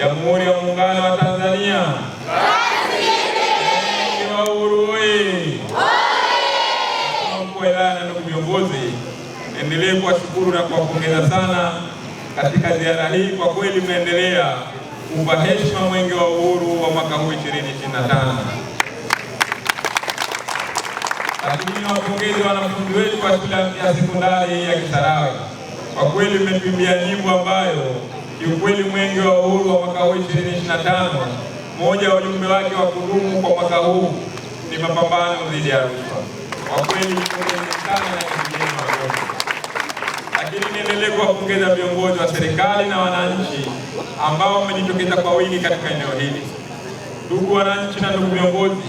Jamhuri ya Muungano wa Tanzania. Wa na ndugu viongozi, endelee kuwashukuru na kuwapongeza sana katika ziara hii. Kwa kweli mmeendelea kuupa heshima mwenge wa uhuru wa mwaka huu 2025. Lakini niwapongeze wanafunzi wetu wa shule ya sekondari ya Kisarawe kwa kweli mmetuimbia nyimbo ambayo kiukweli Mwenge wa Uhuru wa mwaka huu 2025 mmoja wa ujumbe wake wa kudumu kwa mwaka huu ni mapambano dhidi ya rushwa. Kwa kweli sana na lakini niendelee kuwapongeza viongozi wa serikali na wananchi ambao wamejitokeza kwa wingi katika eneo hili. Ndugu wananchi na ndugu viongozi,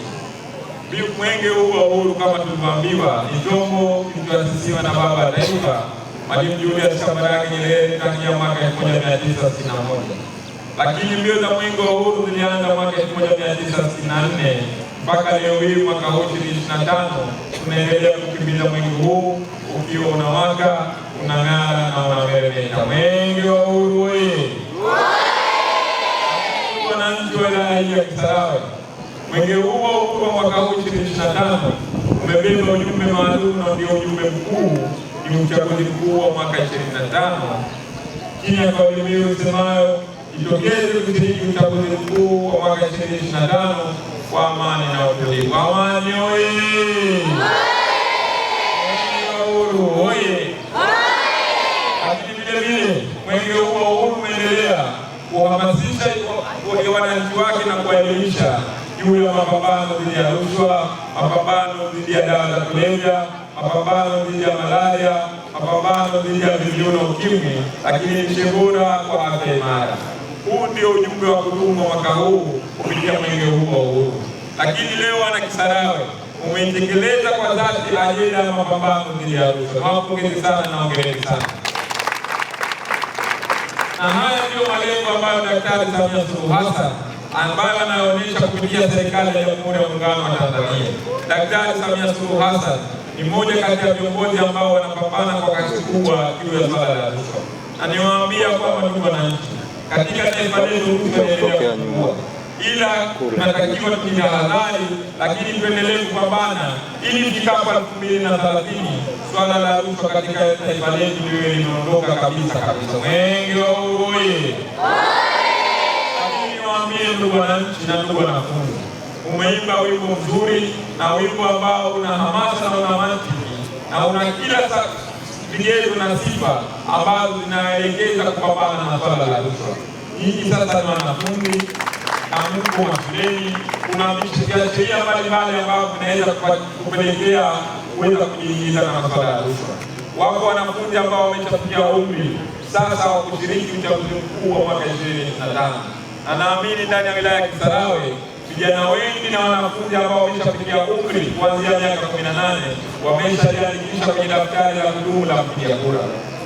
Mwenge huu wa Uhuru kama tulivyoambiwa ni chombo kilichoasisiwa na Baba ya Taifa Mwalimu Julius Kambarage Nyerere kati ya mwaka 1961, lakini mbio za mwenge wa uhuru zilianza mwaka 1964 mpaka leo hii mwaka 2025 tunaendelea kukimbiza mwenge huu ukiwa unawaka, unang'ara na unameremeta. Mwenge wa uhuru wewe, wananchi wa wilaya hii ya Kisarawe, mwenge huo kwa mwaka 2025 umebeba ujumbe maalum na ndio ujumbe mkuu ni uchaguzi mkuu wa mwaka 25 chini ya kauli mbiu isemayo jitokeze kushiriki uchaguzi mkuu wa mwaka 2025 kwa amani na utulivu. Amani oye! Uhuru oye! Lakini vile vile mwenge huo wa uhuru umeendelea kuhamasisha wananchi wake na kuwaelimisha juu ya mapambano dhidi ya rushwa, mapambano dhidi ya dawa za kulevya mapambano dhidi ya malaria, mapambano dhidi ya na UKIMWI, lakini lishe bora kwa afya imara. Huu ndio ujumbe wa kudumu mwaka huu kupitia mwenge huu wa uhuru. Lakini leo wana Kisarawe umeitekeleza kwa dhati ajenda ya mapambano dhidi ya rushwa. Nawapongeze sana na ongereni sana na haya ndiyo malengo ambayo Daktari Samia Suluhu Hassan ambayo anaonyesha kupitia serikali ya Jamhuri ya Muungano wa Tanzania. Daktari Samia Suluhu Hassan ni mmoja kati ya viongozi ambao wanapambana kwa kasi kubwa juu ya swala la rushwa, na niwaambia kwamba ndugu wananchi, katika taifa letu rushwa inaendelea kukua, ila tunatakiwa tujihadhari, lakini tuendelee kupambana ili ifikapo elfu mbili na thelathini swala la rushwa katika taifa letu liwe limeondoka kabisa kabisa. Mwenge wa Uhuru! Lakini niwaambie ndugu wananchi na ndugu wanafunzi umeimba wimbo mzuri na wimbo ambao una hamasa na una mantiki na una kila vigezo na sifa ambazo zinaelekeza kupambana na swala la rushwa. Nyinyi sasa ni wanafunzi na mko mashuleni, kuna sheria mbalimbali ambao vinaweza kupelekea kuweza kujiingiza na masuala ya rushwa. Wako wanafunzi ambao wameshafikia umri sasa wa kushiriki uchaguzi mkuu wa mwaka 2025 na naamini ndani ya wilaya ya Kisarawe Vijana wengi na wanafunzi ambao wameshafikia umri kuanzia miaka 18 wameshajiandikisha kwenye daftari la kudumu la kupiga kura.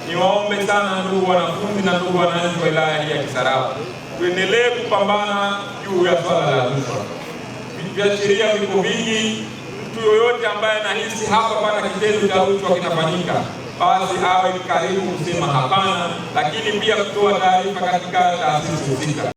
Niwaombe sana ndugu wanafunzi na ndugu wananchi wa wilaya hii ya Kisarawe, tuendelee kupambana juu ya swala la rushwa. Viashiria viko vingi. Mtu yoyote ambaye anahisi hapa pana kitendo cha rushwa kinafanyika, basi awe karibu kusema hapana, lakini pia kutoa taarifa katika taasisi husika.